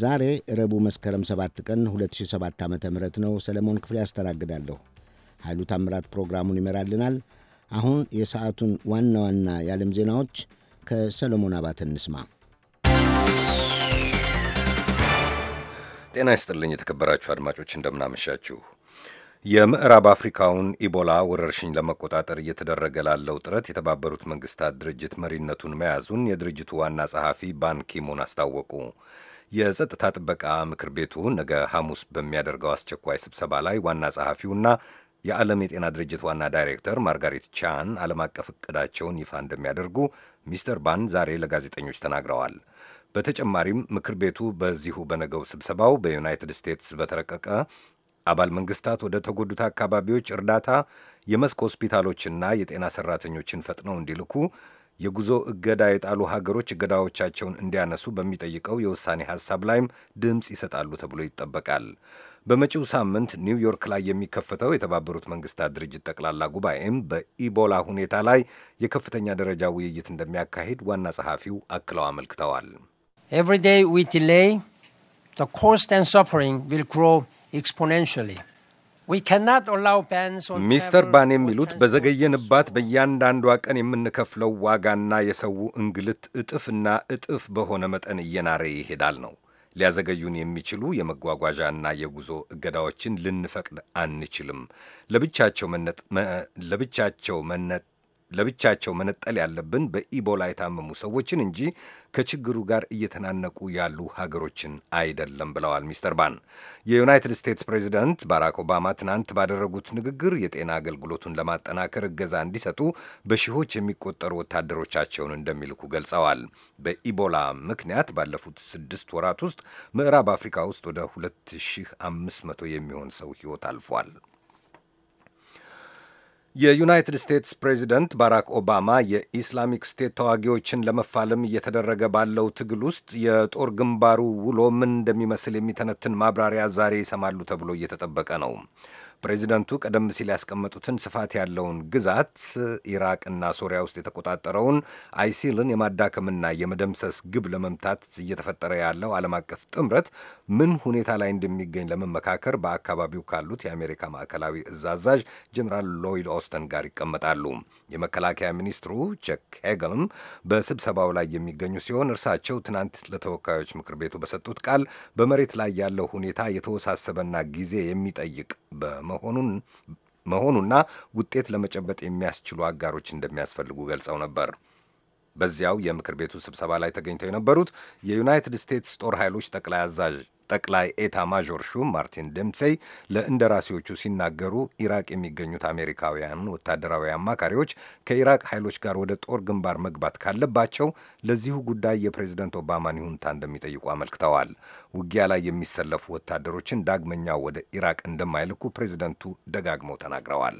ዛሬ ረቡዕ መስከረም 7 ቀን 2007 ዓ ም ነው። ሰለሞን ክፍሌ ያስተናግዳለሁ። ኃይሉ ታምራት ፕሮግራሙን ይመራልናል። አሁን የሰዓቱን ዋና ዋና የዓለም ዜናዎች ከሰለሞን አባተ እንስማ። ጤና ይስጥልኝ የተከበራችሁ አድማጮች እንደምናመሻችሁ። የምዕራብ አፍሪካውን ኢቦላ ወረርሽኝ ለመቆጣጠር እየተደረገ ላለው ጥረት የተባበሩት መንግስታት ድርጅት መሪነቱን መያዙን የድርጅቱ ዋና ጸሐፊ ባንኪሙን አስታወቁ። የጸጥታ ጥበቃ ምክር ቤቱ ነገ ሐሙስ በሚያደርገው አስቸኳይ ስብሰባ ላይ ዋና ጸሐፊውና የዓለም የጤና ድርጅት ዋና ዳይሬክተር ማርጋሪት ቻን ዓለም አቀፍ እቅዳቸውን ይፋ እንደሚያደርጉ ሚስተር ባን ዛሬ ለጋዜጠኞች ተናግረዋል። በተጨማሪም ምክር ቤቱ በዚሁ በነገው ስብሰባው በዩናይትድ ስቴትስ በተረቀቀ አባል መንግስታት ወደ ተጎዱት አካባቢዎች እርዳታ የመስክ ሆስፒታሎችና የጤና ሰራተኞችን ፈጥነው እንዲልኩ የጉዞ እገዳ የጣሉ ሀገሮች እገዳዎቻቸውን እንዲያነሱ በሚጠይቀው የውሳኔ ሀሳብ ላይም ድምፅ ይሰጣሉ ተብሎ ይጠበቃል። በመጪው ሳምንት ኒውዮርክ ላይ የሚከፈተው የተባበሩት መንግስታት ድርጅት ጠቅላላ ጉባኤም በኢቦላ ሁኔታ ላይ የከፍተኛ ደረጃ ውይይት እንደሚያካሂድ ዋና ጸሐፊው አክለው አመልክተዋል። ኤቭሪ ዴይ ዊ ዲሌይ ዘ ኮስት ኤንድ ሰፈሪንግ ዊል ግሮው ሚስተር ባን የሚሉት በዘገየንባት በእያንዳንዷ ቀን የምንከፍለው ዋጋና የሰው እንግልት እጥፍና እጥፍ በሆነ መጠን እየናረ ይሄዳል ነው። ሊያዘገዩን የሚችሉ የመጓጓዣና የጉዞ እገዳዎችን ልንፈቅድ አንችልም። ለብቻቸው መነጥ ለብቻቸው መነጥ ለብቻቸው መነጠል ያለብን በኢቦላ የታመሙ ሰዎችን እንጂ ከችግሩ ጋር እየተናነቁ ያሉ ሀገሮችን አይደለም ብለዋል ሚስተር ባን። የዩናይትድ ስቴትስ ፕሬዚደንት ባራክ ኦባማ ትናንት ባደረጉት ንግግር የጤና አገልግሎቱን ለማጠናከር እገዛ እንዲሰጡ በሺዎች የሚቆጠሩ ወታደሮቻቸውን እንደሚልኩ ገልጸዋል። በኢቦላ ምክንያት ባለፉት ስድስት ወራት ውስጥ ምዕራብ አፍሪካ ውስጥ ወደ 2500 የሚሆን ሰው ሕይወት አልፏል። የዩናይትድ ስቴትስ ፕሬዚደንት ባራክ ኦባማ የኢስላሚክ ስቴት ተዋጊዎችን ለመፋለም እየተደረገ ባለው ትግል ውስጥ የጦር ግንባሩ ውሎ ምን እንደሚመስል የሚተነትን ማብራሪያ ዛሬ ይሰማሉ ተብሎ እየተጠበቀ ነው። ፕሬዚደንቱ ቀደም ሲል ያስቀመጡትን ስፋት ያለውን ግዛት ኢራቅና ሶሪያ ውስጥ የተቆጣጠረውን አይሲልን የማዳከምና የመደምሰስ ግብ ለመምታት እየተፈጠረ ያለው ዓለም አቀፍ ጥምረት ምን ሁኔታ ላይ እንደሚገኝ ለመመካከር በአካባቢው ካሉት የአሜሪካ ማዕከላዊ እዝ አዛዥ ጀኔራል ሎይድ ኦስተን ጋር ይቀመጣሉ። የመከላከያ ሚኒስትሩ ቸክ ሄግልም በስብሰባው ላይ የሚገኙ ሲሆን እርሳቸው ትናንት ለተወካዮች ምክር ቤቱ በሰጡት ቃል በመሬት ላይ ያለው ሁኔታ የተወሳሰበና ጊዜ የሚጠይቅ በመ መሆኑን መሆኑና ውጤት ለመጨበጥ የሚያስችሉ አጋሮች እንደሚያስፈልጉ ገልጸው ነበር። በዚያው የምክር ቤቱ ስብሰባ ላይ ተገኝተው የነበሩት የዩናይትድ ስቴትስ ጦር ኃይሎች ጠቅላይ አዛዥ ጠቅላይ ኤታ ማዦር ሹም ማርቲን ደምሴይ ለእንደራሴዎቹ ሲናገሩ ኢራቅ የሚገኙት አሜሪካውያን ወታደራዊ አማካሪዎች ከኢራቅ ኃይሎች ጋር ወደ ጦር ግንባር መግባት ካለባቸው ለዚሁ ጉዳይ የፕሬዝደንት ኦባማን ይሁንታ እንደሚጠይቁ አመልክተዋል። ውጊያ ላይ የሚሰለፉ ወታደሮችን ዳግመኛ ወደ ኢራቅ እንደማይልኩ ፕሬዝደንቱ ደጋግመው ተናግረዋል።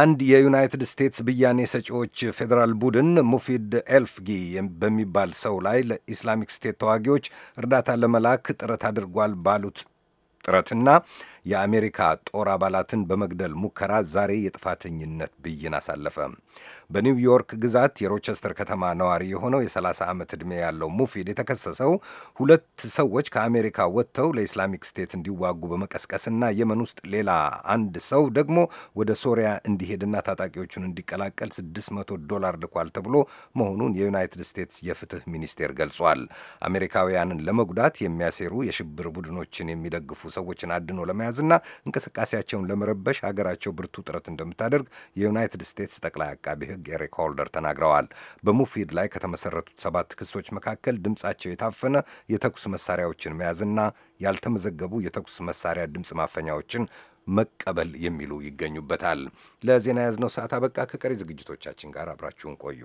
አንድ የዩናይትድ ስቴትስ ብያኔ ሰጪዎች ፌዴራል ቡድን ሙፊድ ኤልፍጊ በሚባል ሰው ላይ ለኢስላሚክ ስቴት ተዋጊዎች እርዳታ ለመላክ ጥረት አድርጓል ባሉት ጥረትና የአሜሪካ ጦር አባላትን በመግደል ሙከራ ዛሬ የጥፋተኝነት ብይን አሳለፈ። በኒውዮርክ ግዛት የሮቸስተር ከተማ ነዋሪ የሆነው የ30 ዓመት ዕድሜ ያለው ሙፊድ የተከሰሰው ሁለት ሰዎች ከአሜሪካ ወጥተው ለኢስላሚክ ስቴት እንዲዋጉ በመቀስቀስና የመን ውስጥ ሌላ አንድ ሰው ደግሞ ወደ ሶሪያ እንዲሄድና ታጣቂዎቹን እንዲቀላቀል 600 ዶላር ልኳል ተብሎ መሆኑን የዩናይትድ ስቴትስ የፍትህ ሚኒስቴር ገልጿል። አሜሪካውያንን ለመጉዳት የሚያሴሩ የሽብር ቡድኖችን የሚደግፉ ሰዎችን አድኖ ለመያዝና እንቅስቃሴያቸውን ለመረበሽ ሀገራቸው ብርቱ ጥረት እንደምታደርግ የዩናይትድ ስቴትስ ጠቅላይ አቃቢ ሕግ ኤሪክ ሆልደር ተናግረዋል። በሙፊድ ላይ ከተመሰረቱት ሰባት ክሶች መካከል ድምፃቸው የታፈነ የተኩስ መሳሪያዎችን መያዝና ያልተመዘገቡ የተኩስ መሳሪያ ድምፅ ማፈኛዎችን መቀበል የሚሉ ይገኙበታል። ለዜና ያዝነው ሰዓት አበቃ። ከቀሪ ዝግጅቶቻችን ጋር አብራችሁን ቆዩ።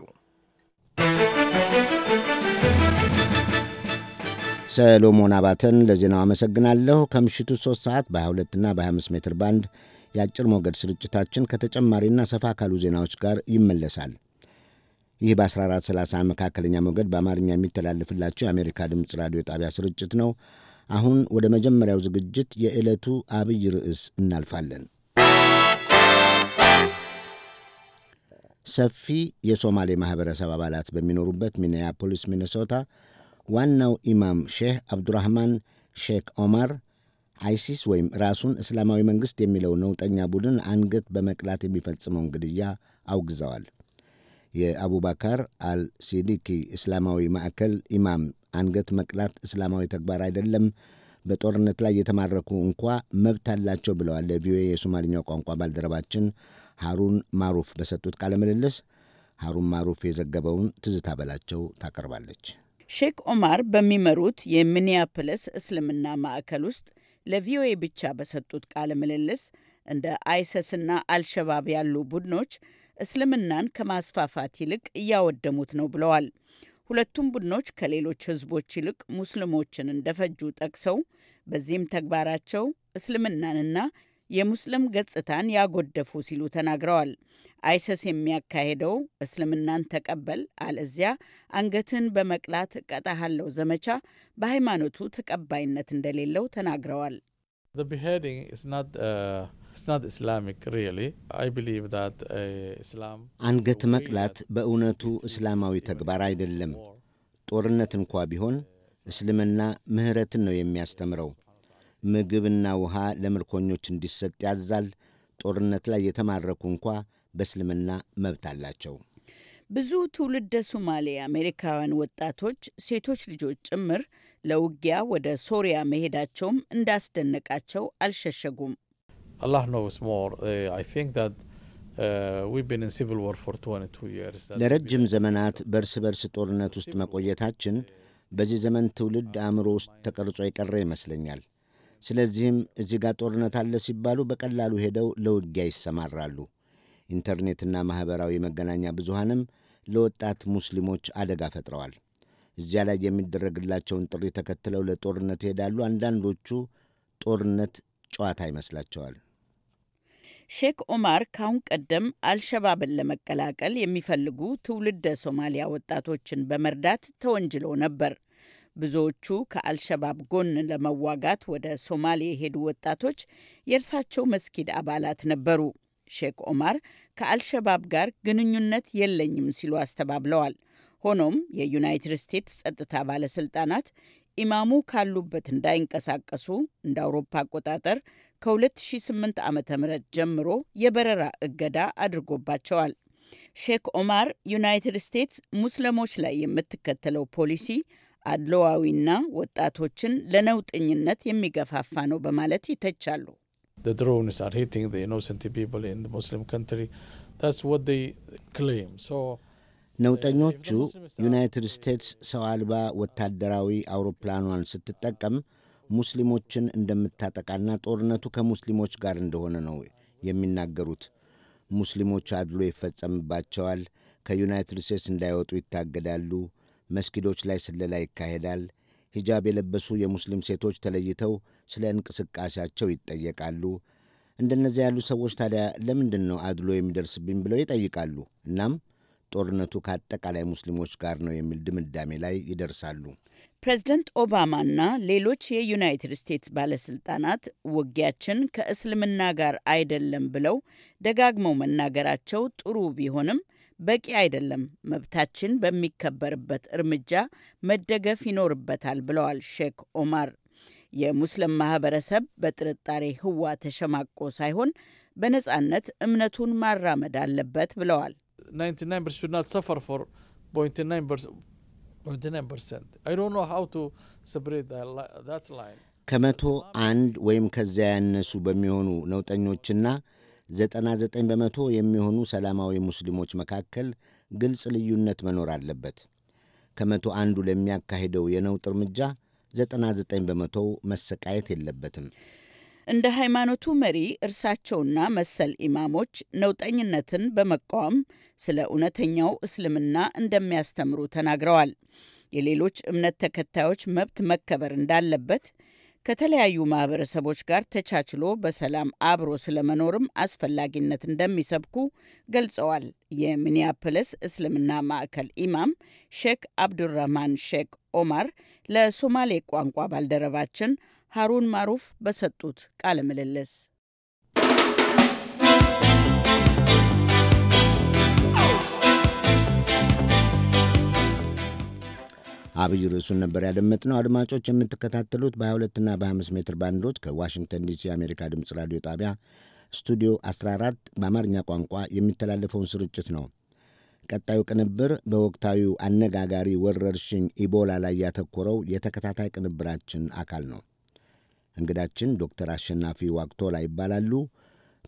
ሰሎሞን አባተን ለዜናው አመሰግናለሁ። ከምሽቱ 3 ሰዓት በ22 እና በ25 ሜትር ባንድ የአጭር ሞገድ ስርጭታችን ከተጨማሪና ሰፋ ካሉ ዜናዎች ጋር ይመለሳል። ይህ በ1430 መካከለኛ ሞገድ በአማርኛ የሚተላለፍላቸው የአሜሪካ ድምፅ ራዲዮ ጣቢያ ስርጭት ነው። አሁን ወደ መጀመሪያው ዝግጅት የዕለቱ አብይ ርዕስ እናልፋለን። ሰፊ የሶማሌ ማኅበረሰብ አባላት በሚኖሩበት ሚኒያፖሊስ ሚነሶታ ዋናው ኢማም ሼህ አብዱራህማን ሼክ ኦማር አይሲስ ወይም ራሱን እስላማዊ መንግሥት የሚለው ነውጠኛ ቡድን አንገት በመቅላት የሚፈጽመውን ግድያ አውግዘዋል። የአቡባካር አልሲዲኪ እስላማዊ ማዕከል ኢማም አንገት መቅላት እስላማዊ ተግባር አይደለም፣ በጦርነት ላይ የተማረኩ እንኳ መብት አላቸው ብለዋል። ለቪኦኤ የሶማልኛው ቋንቋ ባልደረባችን ሐሩን ማሩፍ በሰጡት ቃለ ምልልስ ሐሩን ማሩፍ የዘገበውን ትዝታ በላቸው ታቀርባለች። ሼክ ኦማር በሚመሩት የሚኒያፖሊስ እስልምና ማዕከል ውስጥ ለቪኦኤ ብቻ በሰጡት ቃለ ምልልስ እንደ አይሰስና አልሸባብ ያሉ ቡድኖች እስልምናን ከማስፋፋት ይልቅ እያወደሙት ነው ብለዋል። ሁለቱም ቡድኖች ከሌሎች ህዝቦች ይልቅ ሙስሊሞችን እንደፈጁ ጠቅሰው በዚህም ተግባራቸው እስልምናንና የሙስሊም ገጽታን ያጎደፉ ሲሉ ተናግረዋል። አይሰስ የሚያካሄደው እስልምናን ተቀበል አለዚያ አንገትን በመቅላት ቀጣሃለው ዘመቻ በሃይማኖቱ ተቀባይነት እንደሌለው ተናግረዋል። uh, uh, አንገት መቅላት በእውነቱ እስላማዊ ተግባር አይደለም። ጦርነት እንኳ ቢሆን እስልምና ምሕረትን ነው የሚያስተምረው። ምግብና ውሃ ለምርኮኞች እንዲሰጥ ያዛል። ጦርነት ላይ የተማረኩ እንኳ በእስልምና መብት አላቸው። ብዙ ትውልደ ሱማሌ አሜሪካውያን ወጣቶች፣ ሴቶች ልጆች ጭምር ለውጊያ ወደ ሶሪያ መሄዳቸውም እንዳስደነቃቸው አልሸሸጉም። eh, eh, ለረጅም ዘመናት በእርስ በርስ ጦርነት ውስጥ መቆየታችን በዚህ ዘመን ትውልድ አእምሮ ውስጥ ተቀርጾ የቀረ ይመስለኛል። ስለዚህም እዚህ ጋር ጦርነት አለ ሲባሉ በቀላሉ ሄደው ለውጊያ ይሰማራሉ። ኢንተርኔትና ማኅበራዊ መገናኛ ብዙሃንም ለወጣት ሙስሊሞች አደጋ ፈጥረዋል። እዚያ ላይ የሚደረግላቸውን ጥሪ ተከትለው ለጦርነት ይሄዳሉ። አንዳንዶቹ ጦርነት ጨዋታ ይመስላቸዋል። ሼክ ኦማር ካሁን ቀደም አልሸባብን ለመቀላቀል የሚፈልጉ ትውልደ ሶማሊያ ወጣቶችን በመርዳት ተወንጅለው ነበር። ብዙዎቹ ከአልሸባብ ጎን ለመዋጋት ወደ ሶማሌ የሄዱ ወጣቶች የእርሳቸው መስጊድ አባላት ነበሩ። ሼክ ኦማር ከአልሸባብ ጋር ግንኙነት የለኝም ሲሉ አስተባብለዋል። ሆኖም የዩናይትድ ስቴትስ ጸጥታ ባለስልጣናት ኢማሙ ካሉበት እንዳይንቀሳቀሱ እንደ አውሮፓ አቆጣጠር ከ2008 ዓ ም ጀምሮ የበረራ እገዳ አድርጎባቸዋል። ሼክ ኦማር ዩናይትድ ስቴትስ ሙስሊሞች ላይ የምትከተለው ፖሊሲ አድለዋዊና ወጣቶችን ለነውጠኝነት የሚገፋፋ ነው በማለት ይተቻሉ። ነውጠኞቹ ዩናይትድ ስቴትስ ሰው አልባ ወታደራዊ አውሮፕላኗን ስትጠቀም ሙስሊሞችን እንደምታጠቃና ጦርነቱ ከሙስሊሞች ጋር እንደሆነ ነው የሚናገሩት። ሙስሊሞች አድሎ ይፈጸምባቸዋል፣ ከዩናይትድ ስቴትስ እንዳይወጡ ይታገዳሉ መስጊዶች ላይ ስለላ ይካሄዳል። ሂጃብ የለበሱ የሙስሊም ሴቶች ተለይተው ስለ እንቅስቃሴያቸው ይጠየቃሉ። እንደነዚያ ያሉ ሰዎች ታዲያ ለምንድን ነው አድሎ የሚደርስብኝ ብለው ይጠይቃሉ። እናም ጦርነቱ ከአጠቃላይ ሙስሊሞች ጋር ነው የሚል ድምዳሜ ላይ ይደርሳሉ። ፕሬዝደንት ኦባማና ሌሎች የዩናይትድ ስቴትስ ባለስልጣናት ውጊያችን ከእስልምና ጋር አይደለም ብለው ደጋግመው መናገራቸው ጥሩ ቢሆንም በቂ አይደለም፣ መብታችን በሚከበርበት እርምጃ መደገፍ ይኖርበታል ብለዋል ሼክ ኦማር። የሙስሊም ማህበረሰብ በጥርጣሬ ህዋ ተሸማቆ ሳይሆን በነጻነት እምነቱን ማራመድ አለበት ብለዋል። ከመቶ አንድ ወይም ከዚያ ያነሱ በሚሆኑ ነውጠኞችና 99 በመቶ የሚሆኑ ሰላማዊ ሙስሊሞች መካከል ግልጽ ልዩነት መኖር አለበት። ከመቶ አንዱ ለሚያካሂደው የነውጥ እርምጃ 99 በመቶው መሰቃየት የለበትም። እንደ ሃይማኖቱ መሪ እርሳቸውና መሰል ኢማሞች ነውጠኝነትን በመቃወም ስለ እውነተኛው እስልምና እንደሚያስተምሩ ተናግረዋል። የሌሎች እምነት ተከታዮች መብት መከበር እንዳለበት ከተለያዩ ማህበረሰቦች ጋር ተቻችሎ በሰላም አብሮ ስለመኖርም አስፈላጊነት እንደሚሰብኩ ገልጸዋል። የሚኒያፖሊስ እስልምና ማዕከል ኢማም ሼክ አብዱራህማን ሼክ ኦማር ለሶማሌ ቋንቋ ባልደረባችን ሀሩን ማሩፍ በሰጡት ቃለ ምልልስ አብይ ርዕሱን ነበር ያደመጥነው። አድማጮች የምትከታተሉት በ22ና በ25 ሜትር ባንዶች ከዋሽንግተን ዲሲ የአሜሪካ ድምፅ ራዲዮ ጣቢያ ስቱዲዮ 14 በአማርኛ ቋንቋ የሚተላለፈውን ስርጭት ነው። ቀጣዩ ቅንብር በወቅታዊው አነጋጋሪ ወረርሽኝ ኢቦላ ላይ ያተኮረው የተከታታይ ቅንብራችን አካል ነው። እንግዳችን ዶክተር አሸናፊ ዋቅቶላ ይባላሉ።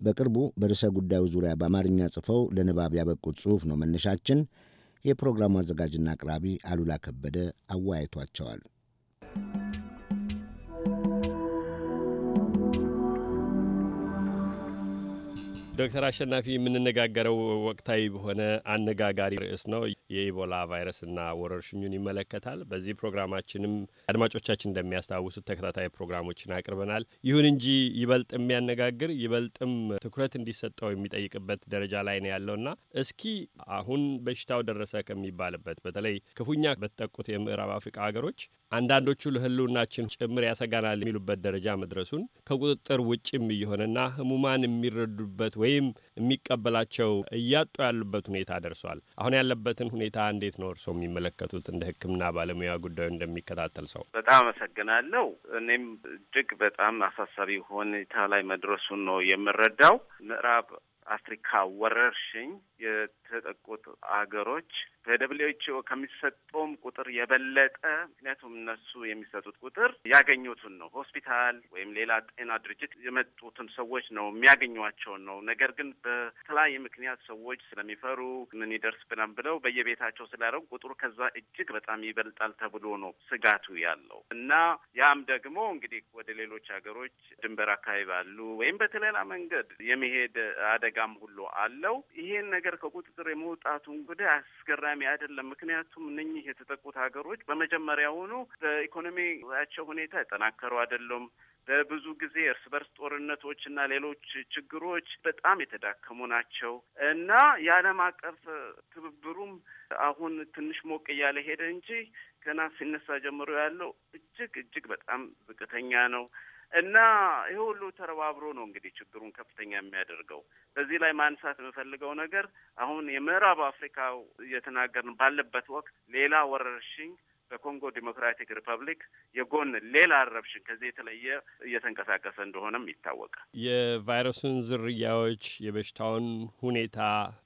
በቅርቡ በርዕሰ ጉዳዩ ዙሪያ በአማርኛ ጽፈው ለንባብ ያበቁት ጽሑፍ ነው መነሻችን። የፕሮግራሙ አዘጋጅና አቅራቢ አሉላ ከበደ አወያይቷቸዋል። ዶክተር አሸናፊ የምንነጋገረው ወቅታዊ በሆነ አነጋጋሪ ርዕስ ነው። የኢቦላ ቫይረስና ወረርሽኙን ይመለከታል። በዚህ ፕሮግራማችንም አድማጮቻችን እንደሚያስታውሱት ተከታታይ ፕሮግራሞችን አቅርበናል። ይሁን እንጂ ይበልጥ የሚያነጋግር ይበልጥም ትኩረት እንዲሰጠው የሚጠይቅበት ደረጃ ላይ ነው ያለውና እስኪ አሁን በሽታው ደረሰ ከሚባልበት በተለይ ክፉኛ በተጠቁት የምዕራብ አፍሪካ ሀገሮች አንዳንዶቹ ለሕልውናችን ጭምር ያሰጋናል የሚሉበት ደረጃ መድረሱን ከቁጥጥር ውጭም እየሆነና ህሙማን የሚረዱበት ወይም የሚቀበላቸው እያጡ ያሉበት ሁኔታ ደርሷል። አሁን ያለበትን ሁኔታ እንዴት ነው እርስዎ የሚመለከቱት? እንደ ሕክምና ባለሙያ ጉዳዩ እንደሚከታተል ሰው በጣም አመሰግናለሁ። እኔም እጅግ በጣም አሳሳቢ ሁኔታ ላይ መድረሱን ነው የምረዳው ምዕራብ አፍሪካ ወረርሽኝ የተጠቁት አገሮች ከደብሊው ኤች ኦ ከሚሰጠውም ቁጥር የበለጠ ምክንያቱም እነሱ የሚሰጡት ቁጥር ያገኙትን ነው። ሆስፒታል ወይም ሌላ ጤና ድርጅት የመጡትን ሰዎች ነው የሚያገኟቸውን ነው። ነገር ግን በተለያየ ምክንያት ሰዎች ስለሚፈሩ ምን ይደርስብናል ብለው በየቤታቸው ስላደረጉ ቁጥሩ ከዛ እጅግ በጣም ይበልጣል ተብሎ ነው ስጋቱ ያለው እና ያም ደግሞ እንግዲህ ወደ ሌሎች ሀገሮች ድንበር አካባቢ ባሉ ወይም በተለላ መንገድ የመሄድ አደ አደጋም ሁሉ አለው። ይሄን ነገር ከቁጥጥር የመውጣቱ እንግዲህ አስገራሚ አይደለም። ምክንያቱም እነኚህ የተጠቁት ሀገሮች በመጀመሪያውኑ በኢኮኖሚያቸው ሁኔታ የጠናከሩ አይደሉም። በብዙ ጊዜ እርስ በርስ ጦርነቶች እና ሌሎች ችግሮች በጣም የተዳከሙ ናቸው እና የዓለም አቀፍ ትብብሩም አሁን ትንሽ ሞቅ እያለ ሄደ እንጂ ገና ሲነሳ ጀምሮ ያለው እጅግ እጅግ በጣም ዝቅተኛ ነው። እና ይህ ሁሉ ተረባብሮ ነው እንግዲህ ችግሩን ከፍተኛ የሚያደርገው። በዚህ ላይ ማንሳት የምፈልገው ነገር አሁን የምዕራብ አፍሪካ እየተናገርን ባለበት ወቅት ሌላ ወረርሽኝ በኮንጎ ዲሞክራቲክ ሪፐብሊክ የጎን ሌላ ረብሽን ከዚህ የተለየ እየተንቀሳቀሰ እንደሆነም ይታወቃል። የቫይረሱን ዝርያዎች፣ የበሽታውን ሁኔታ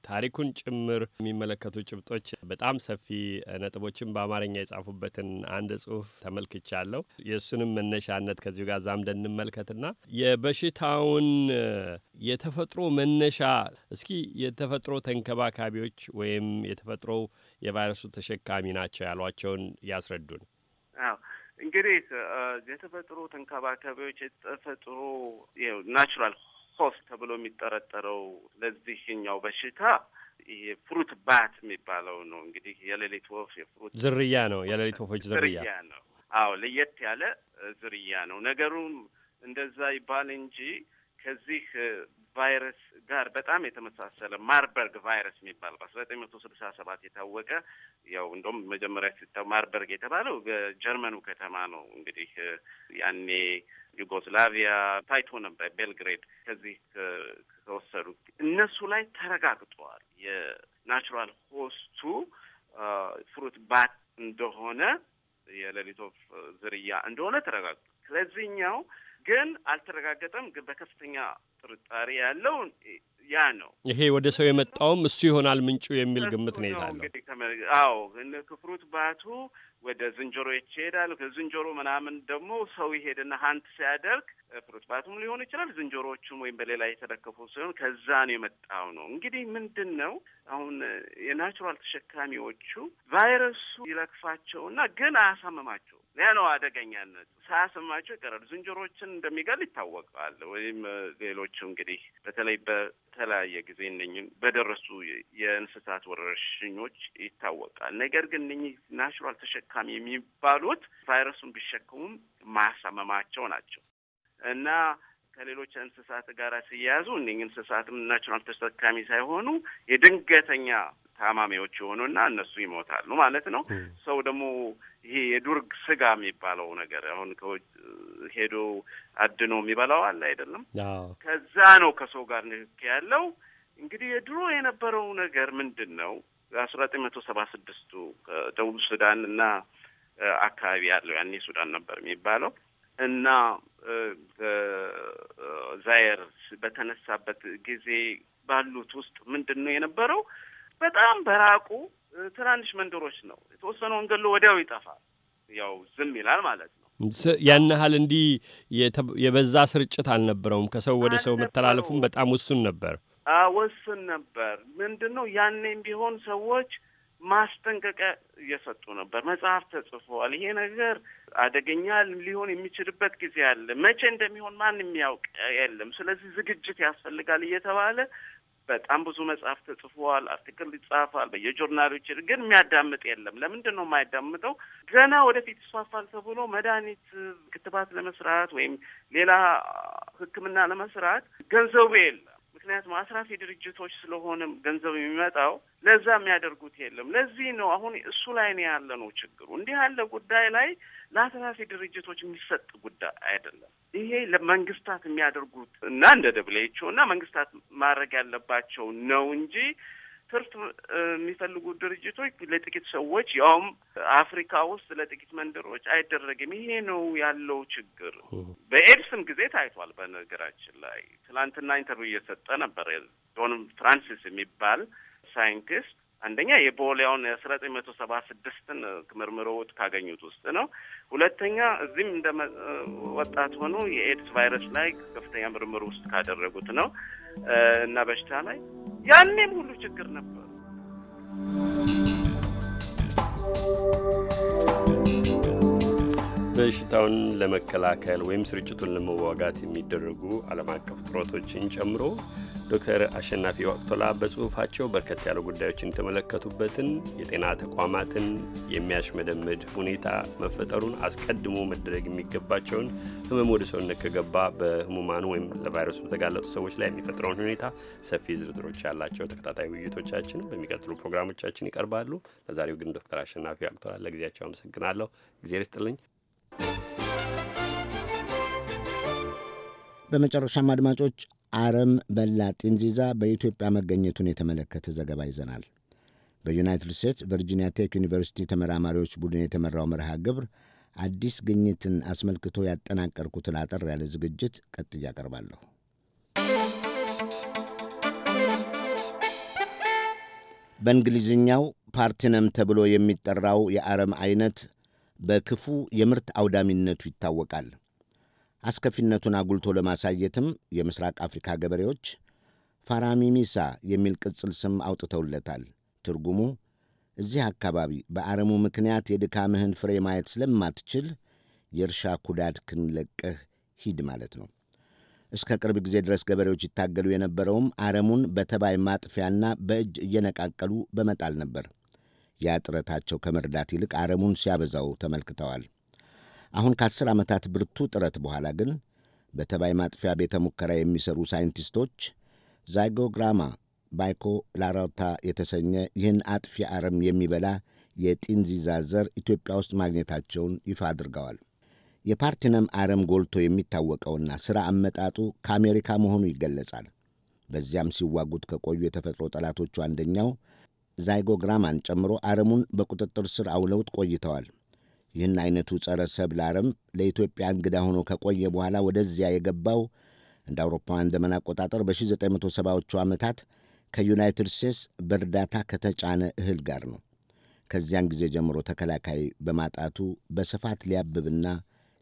ታሪኩን ጭምር የሚመለከቱ ጭብጦች በጣም ሰፊ ነጥቦችን በአማርኛ የጻፉበትን አንድ ጽሁፍ ተመልክቻለሁ። የእሱንም መነሻነት ከዚሁ ጋር ዛምደ እንመልከትና የበሽታውን የተፈጥሮ መነሻ እስኪ የተፈጥሮ ተንከባካቢዎች ወይም የተፈጥሮ የቫይረሱ ተሸካሚ ናቸው ያሏቸውን ያስረዱን። እንግዲህ የተፈጥሮ ተንከባካቢዎች የተፈጥሮ ናቹራል ኮስ ተብሎ የሚጠረጠረው ለዚህኛው በሽታ የፍሩት ባት የሚባለው ነው። እንግዲህ የሌሊት ወፍ የፍሩት ዝርያ ነው። የሌሊት ወፎች ዝርያ ነው። አዎ፣ ለየት ያለ ዝርያ ነው። ነገሩም እንደዛ ይባል እንጂ ከዚህ ቫይረስ ጋር በጣም የተመሳሰለ ማርበርግ ቫይረስ የሚባል በአስራ ዘጠኝ መቶ ስልሳ ሰባት የታወቀ ያው እንደውም መጀመሪያ ሲታ ማርበርግ የተባለው በጀርመኑ ከተማ ነው። እንግዲህ ያኔ ዩጎስላቪያ ታይቶ ነበር፣ ቤልግሬድ ከዚህ ከወሰዱት እነሱ ላይ ተረጋግጠዋል። የናቹራል ሆስቱ ፍሩት ባት እንደሆነ የሌሊት ወፍ ዝርያ እንደሆነ ተረጋግጧል። ስለዚህኛው ግን አልተረጋገጠም። ግን በከፍተኛ ጥርጣሬ ያለው ያ ነው። ይሄ ወደ ሰው የመጣውም እሱ ይሆናል ምንጩ የሚል ግምት ነው ይታለው። አዎ ክፍሩት ባቱ ወደ ዝንጀሮዎች ይሄዳል። ከዝንጀሮ ምናምን ደግሞ ሰው ይሄድና ሀንት ሲያደርግ ፍሩት ባቱም ሊሆን ይችላል ዝንጀሮዎቹም ወይም በሌላ የተለከፉ ሲሆን ከዛ ነው የመጣው ነው። እንግዲህ ምንድን ነው አሁን የናቹራል ተሸካሚዎቹ ቫይረሱ ይለክፋቸውና ግን አያሳምማቸው ያ ነው አደገኛነት። ሳያሰማቸው ይቀራል። ዝንጀሮችን እንደሚገል ይታወቃል። ወይም ሌሎቹ እንግዲህ በተለይ በተለያየ ጊዜ እነኝም በደረሱ የእንስሳት ወረርሽኞች ይታወቃል። ነገር ግን እነኚህ ናቹራል ተሸካሚ የሚባሉት ቫይረሱን ቢሸክሙም ማያሳመማቸው ናቸው እና ከሌሎች እንስሳት ጋር ሲያያዙ እነኝህ እንስሳትም ናቹራል ተሸካሚ ሳይሆኑ የድንገተኛ ታማሚዎች የሆኑና እነሱ ይሞታሉ ማለት ነው። ሰው ደግሞ ይሄ የዱር ስጋ የሚባለው ነገር አሁን ሄዶ አድኖ የሚበላው አለ አይደለም። ከዛ ነው ከሰው ጋር ንክክ ያለው። እንግዲህ የድሮ የነበረው ነገር ምንድን ነው? አስራ ዘጠኝ መቶ ሰባ ስድስቱ ደቡብ ሱዳን እና አካባቢ ያለው ያኔ ሱዳን ነበር የሚባለው እና ዛየር በተነሳበት ጊዜ ባሉት ውስጥ ምንድን ነው የነበረው በጣም በራቁ ትናንሽ መንደሮች ነው። የተወሰነውን ገሎ ወዲያው ይጠፋል፣ ያው ዝም ይላል ማለት ነው። ያን ያህል እንዲህ የበዛ ስርጭት አልነበረውም። ከሰው ወደ ሰው መተላለፉም በጣም ውሱን ነበር፣ ውስን ነበር። ምንድን ነው ያኔም ቢሆን ሰዎች ማስጠንቀቂያ እየሰጡ ነበር። መጽሐፍ ተጽፏል። ይሄ ነገር አደገኛ ሊሆን የሚችልበት ጊዜ አለ። መቼ እንደሚሆን ማንም የሚያውቅ የለም። ስለዚህ ዝግጅት ያስፈልጋል እየተባለ በጣም ብዙ መጽሐፍ ተጽፏል፣ አርቲክል ይጻፋል በየጆርናሎች ግን የሚያዳምጥ የለም። ለምንድን ነው የማያዳምጠው? ገና ወደፊት ይስፋፋል ተብሎ መድኃኒት ክትባት ለመስራት ወይም ሌላ ሕክምና ለመስራት ገንዘቡ የለም። ምክንያቱም አስራፊ ድርጅቶች ስለሆነ ገንዘብ የሚመጣው ለዛ የሚያደርጉት የለም። ለዚህ ነው አሁን እሱ ላይ ነው ያለ ነው ችግሩ። እንዲህ ያለ ጉዳይ ላይ ለአስራፊ ድርጅቶች የሚሰጥ ጉዳይ አይደለም። ይሄ ለመንግስታት የሚያደርጉት እና እንደ ደብሌቾ እና መንግስታት ማድረግ ያለባቸው ነው እንጂ ትርፍ የሚፈልጉ ድርጅቶች ለጥቂት ሰዎች ያውም አፍሪካ ውስጥ ለጥቂት መንደሮች አይደረግም። ይሄ ነው ያለው ችግር። በኤድስም ጊዜ ታይቷል። በነገራችን ላይ ትናንትና ኢንተርቪው እየሰጠ ነበር ዶን ፍራንሲስ የሚባል ሳይንቲስት አንደኛ የቦሊያውን የአስራ ዘጠኝ መቶ ሰባ ስድስትን ምርምሮዎች ካገኙት ውስጥ ነው። ሁለተኛ እዚህም እንደ ወጣት ሆኖ የኤድስ ቫይረስ ላይ ከፍተኛ ምርምር ውስጥ ካደረጉት ነው እና በሽታ ላይ ያኔም ሁሉ ችግር ነበር። በሽታውን ለመከላከል ወይም ስርጭቱን ለመዋጋት የሚደረጉ ዓለም አቀፍ ጥረቶችን ጨምሮ ዶክተር አሸናፊ ዋቅቶላ በጽሁፋቸው በርከት ያሉ ጉዳዮችን የተመለከቱበትን የጤና ተቋማትን የሚያሽመደምድ ሁኔታ መፈጠሩን አስቀድሞ መደረግ የሚገባቸውን ህመም ወደ ሰውነት ከገባ በህሙማኑ ወይም ለቫይረሱ በተጋለጡ ሰዎች ላይ የሚፈጥረውን ሁኔታ ሰፊ ዝርዝሮች ያላቸው ተከታታይ ውይይቶቻችን በሚቀጥሉ ፕሮግራሞቻችን ይቀርባሉ። ለዛሬው ግን ዶክተር አሸናፊ ዋቅቶላ ለጊዜያቸው አመሰግናለሁ። ጊዜ ርስጥልኝ። በመጨረሻም አድማጮች አረም በላ ጢንዚዛ በኢትዮጵያ መገኘቱን የተመለከተ ዘገባ ይዘናል። በዩናይትድ ስቴትስ ቨርጂኒያ ቴክ ዩኒቨርሲቲ ተመራማሪዎች ቡድን የተመራው መርሃ ግብር አዲስ ግኝትን አስመልክቶ ያጠናቀርኩትን አጠር ያለ ዝግጅት ቀጥ እያቀርባለሁ። በእንግሊዝኛው ፓርቲነም ተብሎ የሚጠራው የአረም አይነት በክፉ የምርት አውዳሚነቱ ይታወቃል። አስከፊነቱን አጉልቶ ለማሳየትም የምስራቅ አፍሪካ ገበሬዎች ፋራሚሚሳ የሚል ቅጽል ስም አውጥተውለታል። ትርጉሙ እዚህ አካባቢ በአረሙ ምክንያት የድካምህን ፍሬ ማየት ስለማትችል የእርሻ ኩዳድክን ለቀህ ሂድ ማለት ነው። እስከ ቅርብ ጊዜ ድረስ ገበሬዎች ይታገሉ የነበረውም አረሙን በተባይ ማጥፊያና በእጅ እየነቃቀሉ በመጣል ነበር። ያ ጥረታቸው ከመርዳት ይልቅ አረሙን ሲያበዛው ተመልክተዋል። አሁን ከአስር ዓመታት ብርቱ ጥረት በኋላ ግን በተባይ ማጥፊያ ቤተ ሙከራ የሚሰሩ ሳይንቲስቶች ዛይጎግራማ ባይኮ ላራውታ የተሰኘ ይህን አጥፊ አረም የሚበላ የጢንዚዛ ዘር ኢትዮጵያ ውስጥ ማግኘታቸውን ይፋ አድርገዋል። የፓርቲነም አረም ጎልቶ የሚታወቀውና ሥራ አመጣጡ ከአሜሪካ መሆኑ ይገለጻል። በዚያም ሲዋጉት ከቆዩ የተፈጥሮ ጠላቶቹ አንደኛው ዛይጎግራማን ጨምሮ አረሙን በቁጥጥር ስር አውለውት ቆይተዋል። ይህን አይነቱ ጸረ ሰብል አረም ለኢትዮጵያ እንግዳ ሆኖ ከቆየ በኋላ ወደዚያ የገባው እንደ አውሮፓውያን ዘመን አቆጣጠር በ1970ዎቹ ዓመታት ከዩናይትድ ስቴትስ በእርዳታ ከተጫነ እህል ጋር ነው። ከዚያን ጊዜ ጀምሮ ተከላካይ በማጣቱ በስፋት ሊያብብና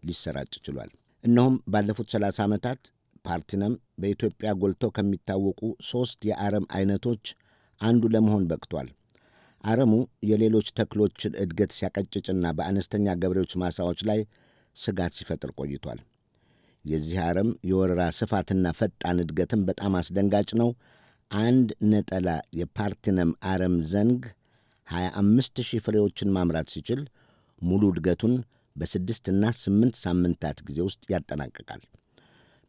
ሊሰራጭ ችሏል። እነሆም ባለፉት 30 ዓመታት ፓርቲነም በኢትዮጵያ ጎልተው ከሚታወቁ ሦስት የአረም አይነቶች አንዱ ለመሆን በቅቷል። አረሙ የሌሎች ተክሎችን እድገት ሲያቀጭጭና በአነስተኛ ገበሬዎች ማሳዎች ላይ ስጋት ሲፈጥር ቆይቷል። የዚህ አረም የወረራ ስፋትና ፈጣን እድገትም በጣም አስደንጋጭ ነው። አንድ ነጠላ የፓርቲነም አረም ዘንግ 25 ሺህ ፍሬዎችን ማምራት ሲችል ሙሉ እድገቱን በስድስትና ስምንት ሳምንታት ጊዜ ውስጥ ያጠናቅቃል።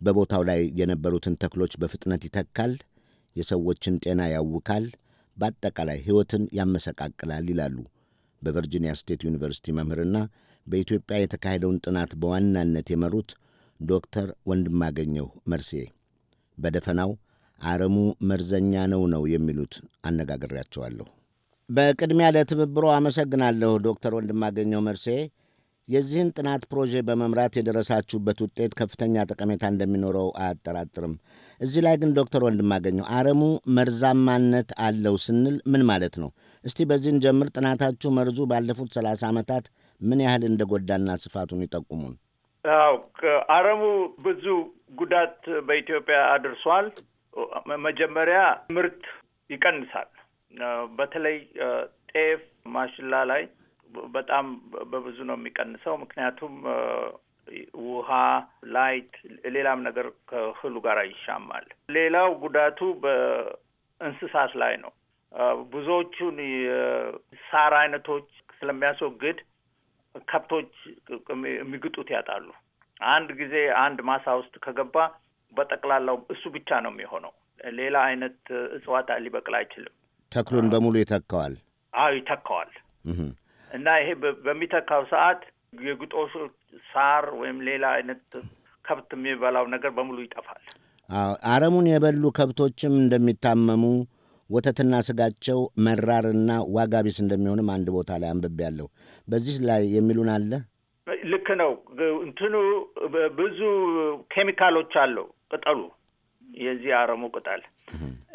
በቦታው ላይ የነበሩትን ተክሎች በፍጥነት ይተካል። የሰዎችን ጤና ያውካል፣ በአጠቃላይ ሕይወትን ያመሰቃቅላል ይላሉ በቨርጂኒያ ስቴት ዩኒቨርሲቲ መምህርና በኢትዮጵያ የተካሄደውን ጥናት በዋናነት የመሩት ዶክተር ወንድማገኘሁ መርሴ። በደፈናው አረሙ መርዘኛ ነው ነው የሚሉት አነጋግሬያቸዋለሁ። በቅድሚያ ለትብብሮ አመሰግናለሁ ዶክተር ወንድማገኘው መርሴ። የዚህን ጥናት ፕሮጄ በመምራት የደረሳችሁበት ውጤት ከፍተኛ ጠቀሜታ እንደሚኖረው አያጠራጥርም። እዚህ ላይ ግን ዶክተር ወንድማገኘው አረሙ መርዛማነት አለው ስንል ምን ማለት ነው? እስቲ በዚህን ጀምር። ጥናታችሁ መርዙ ባለፉት ሰላሳ ዓመታት ምን ያህል እንደጎዳና ስፋቱን ይጠቁሙን። አዎ አረሙ ብዙ ጉዳት በኢትዮጵያ አድርሷል። መጀመሪያ ምርት ይቀንሳል። በተለይ ጤፍ፣ ማሽላ ላይ በጣም በብዙ ነው የሚቀንሰው። ምክንያቱም ውሃ፣ ላይት፣ ሌላም ነገር ከእህሉ ጋር ይሻማል። ሌላው ጉዳቱ በእንስሳት ላይ ነው። ብዙዎቹን የሳር አይነቶች ስለሚያስወግድ ከብቶች የሚግጡት ያጣሉ። አንድ ጊዜ አንድ ማሳ ውስጥ ከገባ በጠቅላላው እሱ ብቻ ነው የሚሆነው። ሌላ አይነት እጽዋት ሊበቅል አይችልም። ተክሉን በሙሉ ይተካዋል። አዎ ይተካዋል። እና ይሄ በሚተካው ሰዓት የግጦሹ ሳር ወይም ሌላ አይነት ከብት የሚበላው ነገር በሙሉ ይጠፋል። አረሙን የበሉ ከብቶችም እንደሚታመሙ ወተትና ስጋቸው መራርና ዋጋ ቢስ እንደሚሆንም አንድ ቦታ ላይ አንብቤያለሁ። በዚህ ላይ የሚሉን አለ። ልክ ነው። እንትኑ ብዙ ኬሚካሎች አለው ቅጠሉ፣ የዚህ አረሙ ቅጠል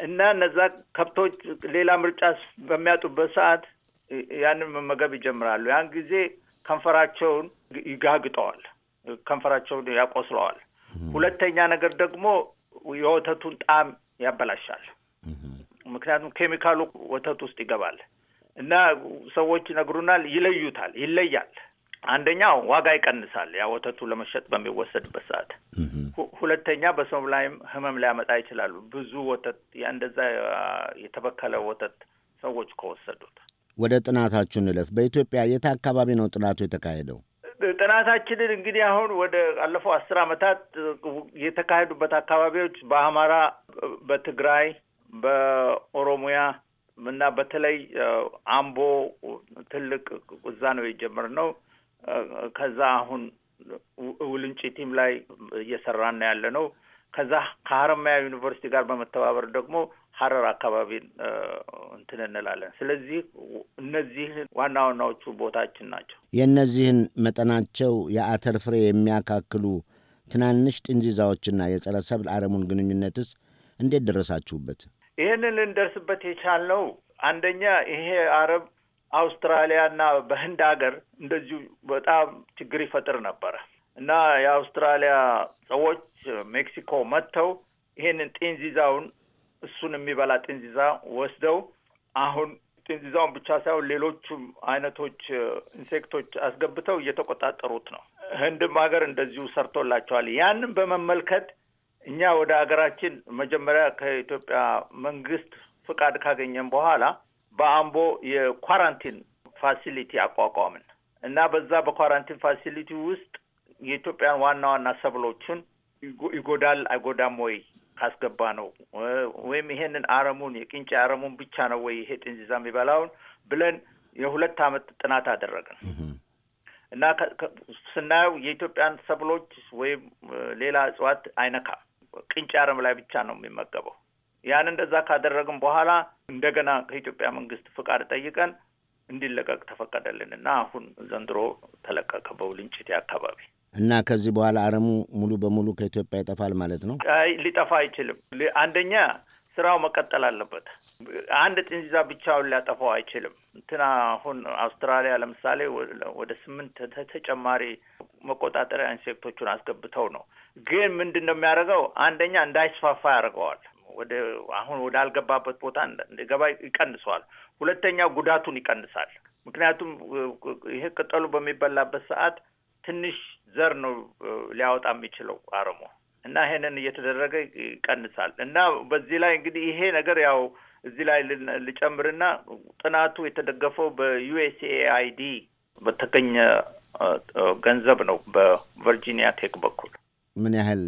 እና እነዛ ከብቶች ሌላ ምርጫ በሚያጡበት ሰዓት ያንን መመገብ ይጀምራሉ። ያን ጊዜ ከንፈራቸውን ይጋግጠዋል፣ ከንፈራቸውን ያቆስለዋል። ሁለተኛ ነገር ደግሞ የወተቱን ጣዕም ያበላሻል። ምክንያቱም ኬሚካሉ ወተት ውስጥ ይገባል እና ሰዎች ይነግሩናል፣ ይለዩታል፣ ይለያል። አንደኛው ዋጋ ይቀንሳል፣ ያ ወተቱ ለመሸጥ በሚወሰድበት ሰዓት። ሁለተኛ በሰው ላይም ህመም ሊያመጣ ይችላሉ። ብዙ ወተት እንደዛ የተበከለ ወተት ሰዎች ከወሰዱት ወደ ጥናታችሁ እንለፍ። በኢትዮጵያ የት አካባቢ ነው ጥናቱ የተካሄደው? ጥናታችንን እንግዲህ አሁን ወደ አለፈው አስር ዓመታት የተካሄዱበት አካባቢዎች በአማራ፣ በትግራይ፣ በኦሮሚያ እና በተለይ አምቦ ትልቅ እዛ ነው የጀመርነው። ከዛ አሁን ውልንጭቲም ላይ እየሰራን ያለ ነው። ከዛ ከሀረማያ ዩኒቨርሲቲ ጋር በመተባበር ደግሞ ሀረር አካባቢ እንትን እንላለን። ስለዚህ እነዚህ ዋና ዋናዎቹ ቦታችን ናቸው። የእነዚህን መጠናቸው የአተር ፍሬ የሚያካክሉ ትናንሽ ጥንዚዛዎችና የጸረ ሰብል አረሙን ግንኙነትስ እንዴት ደረሳችሁበት? ይህንን ልንደርስበት የቻልነው አንደኛ ይሄ አረብ አውስትራሊያ እና በህንድ ሀገር እንደዚሁ በጣም ችግር ይፈጥር ነበረ እና የአውስትራሊያ ሰዎች ሜክሲኮ መጥተው ይሄንን ጤንዚዛውን እሱን የሚበላ ጤንዚዛ ወስደው አሁን ጤንዚዛውን ብቻ ሳይሆን ሌሎቹም አይነቶች ኢንሴክቶች አስገብተው እየተቆጣጠሩት ነው። ህንድም ሀገር እንደዚሁ ሰርቶላቸዋል። ያንን በመመልከት እኛ ወደ ሀገራችን መጀመሪያ ከኢትዮጵያ መንግስት ፍቃድ ካገኘን በኋላ በአምቦ የኳራንቲን ፋሲሊቲ አቋቋምን እና በዛ በኳራንቲን ፋሲሊቲ ውስጥ የኢትዮጵያን ዋና ዋና ሰብሎችን ይጎዳል አይጎዳም ወይ ካስገባ ነው ወይም ይሄንን አረሙን የቅንጭ አረሙን ብቻ ነው ወይ ይሄ ጥንዚዛ የሚበላውን ብለን የሁለት ዓመት ጥናት አደረግን እና ስናየው የኢትዮጵያን ሰብሎች ወይም ሌላ እጽዋት አይነካ ቅንጭ አረም ላይ ብቻ ነው የሚመገበው። ያን እንደዛ ካደረግን በኋላ እንደገና ከኢትዮጵያ መንግስት ፍቃድ ጠይቀን እንዲለቀቅ ተፈቀደልን እና አሁን ዘንድሮ ተለቀቀ በውልንጭቴ አካባቢ። እና ከዚህ በኋላ አረሙ ሙሉ በሙሉ ከኢትዮጵያ ይጠፋል ማለት ነው? አይ ሊጠፋ አይችልም። አንደኛ ስራው መቀጠል አለበት። አንድ ጥንዚዛ ብቻውን ሊያጠፋው አይችልም። እንትና አሁን አውስትራሊያ ለምሳሌ ወደ ስምንት ተጨማሪ መቆጣጠሪያ ኢንሴክቶቹን አስገብተው ነው። ግን ምንድን ነው የሚያደርገው? አንደኛ እንዳይስፋፋ ያደርገዋል። ወደ አሁን ወደ አልገባበት ቦታ እንደገባ ይቀንሰዋል። ሁለተኛ ጉዳቱን ይቀንሳል። ምክንያቱም ይሄ ቅጠሉ በሚበላበት ሰዓት ትንሽ ዘር ነው ሊያወጣ የሚችለው አረሞ እና ይሄንን እየተደረገ ይቀንሳል እና በዚህ ላይ እንግዲህ ይሄ ነገር ያው እዚህ ላይ ልጨምርና ጥናቱ የተደገፈው በዩኤስኤአይዲ በተገኘ ገንዘብ ነው በቨርጂኒያ ቴክ በኩል ምን ያህል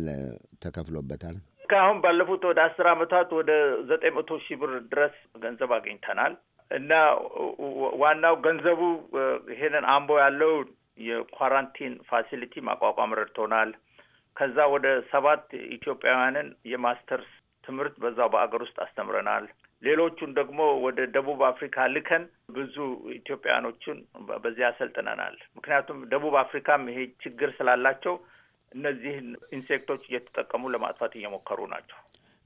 ተከፍሎበታል? እስካሁን ባለፉት ወደ አስር አመታት ወደ ዘጠኝ መቶ ሺህ ብር ድረስ ገንዘብ አግኝተናል እና ዋናው ገንዘቡ ይሄንን አምቦ ያለውን የኳራንቲን ፋሲሊቲ ማቋቋም ረድቶናል። ከዛ ወደ ሰባት ኢትዮጵያውያንን የማስተርስ ትምህርት በዛው በአገር ውስጥ አስተምረናል። ሌሎቹን ደግሞ ወደ ደቡብ አፍሪካ ልከን ብዙ ኢትዮጵያውያኖቹን በዚያ አሰልጥነናል። ምክንያቱም ደቡብ አፍሪካም ይሄ ችግር ስላላቸው እነዚህን ኢንሴክቶች እየተጠቀሙ ለማጥፋት እየሞከሩ ናቸው።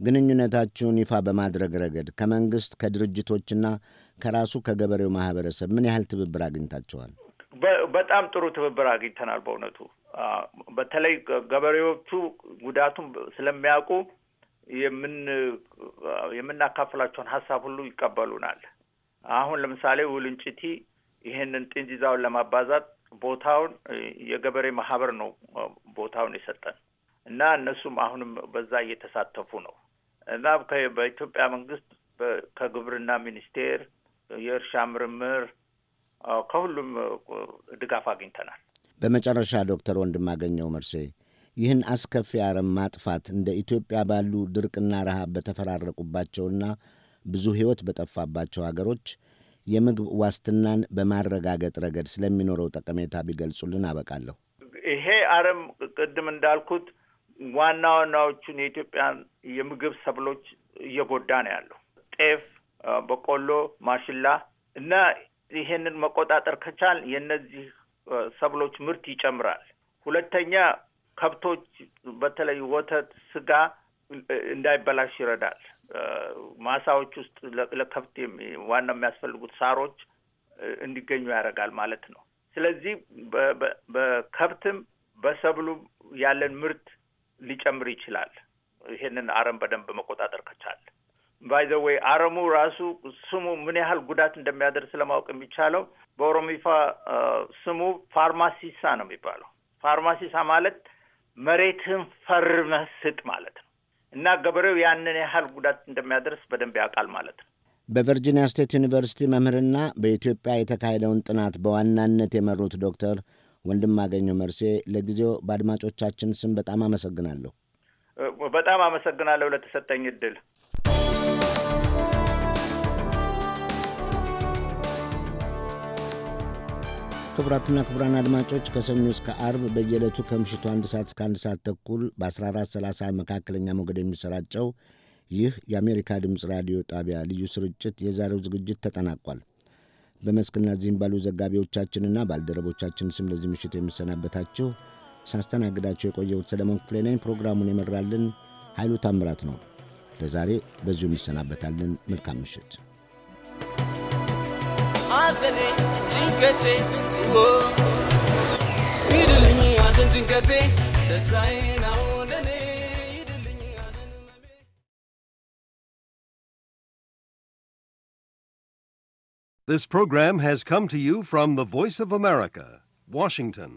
ግንኙነታችሁን ይፋ በማድረግ ረገድ ከመንግስት ከድርጅቶችና ከራሱ ከገበሬው ማህበረሰብ ምን ያህል ትብብር አግኝታችኋል? በጣም ጥሩ ትብብር አግኝተናል። በእውነቱ በተለይ ገበሬዎቹ ጉዳቱን ስለሚያውቁ የምን የምናካፍላቸውን ሀሳብ ሁሉ ይቀበሉናል። አሁን ለምሳሌ ውልንጭቲ ይህንን ጥንዚዛውን ለማባዛት ቦታውን የገበሬ ማህበር ነው ቦታውን የሰጠን እና እነሱም አሁንም በዛ እየተሳተፉ ነው እና በኢትዮጵያ መንግስት ከግብርና ሚኒስቴር የእርሻ ምርምር ከሁሉም ድጋፍ አግኝተናል። በመጨረሻ ዶክተር አገኘው መርሴ ይህን አስከፊ አረም ማጥፋት እንደ ኢትዮጵያ ባሉ ድርቅና ረሃብ በተፈራረቁባቸውና ብዙ ሕይወት በጠፋባቸው አገሮች የምግብ ዋስትናን በማረጋገጥ ረገድ ስለሚኖረው ጠቀሜታ ቢገልጹልን አበቃለሁ። ይሄ አረም ቅድም እንዳልኩት ዋና ዋናዎቹን የኢትዮጵያን የምግብ ሰብሎች እየጎዳ ነው ያለው ጤፍ፣ በቆሎ፣ ማሽላ እና ይሄንን መቆጣጠር ከቻል የእነዚህ ሰብሎች ምርት ይጨምራል። ሁለተኛ ከብቶች በተለይ ወተት፣ ስጋ እንዳይበላሽ ይረዳል። ማሳዎች ውስጥ ለከብት ዋና የሚያስፈልጉት ሳሮች እንዲገኙ ያደርጋል ማለት ነው። ስለዚህ በከብትም በሰብሉ ያለን ምርት ሊጨምር ይችላል። ይሄንን አረም በደንብ መቆጣጠር ከቻል። ባይዘወይ አረሙ ራሱ ስሙ ምን ያህል ጉዳት እንደሚያደርስ ለማወቅ የሚቻለው በኦሮሚፋ ስሙ ፋርማሲሳ ነው የሚባለው። ፋርማሲሳ ማለት መሬትህን ፈርመህ ስጥ ማለት ነው እና ገበሬው ያንን ያህል ጉዳት እንደሚያደርስ በደንብ ያውቃል ማለት ነው። በቨርጂኒያ ስቴት ዩኒቨርሲቲ መምህርና በኢትዮጵያ የተካሄደውን ጥናት በዋናነት የመሩት ዶክተር ወንድማገኘው መርሴ ለጊዜው በአድማጮቻችን ስም በጣም አመሰግናለሁ። በጣም አመሰግናለሁ ለተሰጠኝ እድል። ክቡራትና ክቡራን አድማጮች ከሰኞ እስከ አርብ በየዕለቱ ከምሽቱ አንድ ሰዓት እስከ አንድ ሰዓት ተኩል በ1430 መካከለኛ ሞገድ የሚሰራጨው ይህ የአሜሪካ ድምፅ ራዲዮ ጣቢያ ልዩ ስርጭት የዛሬው ዝግጅት ተጠናቋል። በመስክና እዚህም ባሉ ዘጋቢዎቻችንና ባልደረቦቻችን ስም ለዚህ ምሽት የምሰናበታችሁ ሳስተናግዳቸው የቆየሁት ሰለሞን ክፍሌ ነኝ። ፕሮግራሙን የመራልን ኃይሉ ታምራት ነው። ለዛሬ በዚሁ እንሰናበታለን። መልካም ምሽት። አዘኔ ጭንቀቴ ይድልኝ፣ አዘን ጭንቀቴ ደስታዬ ነው። This program has come to you from the Voice of America, Washington.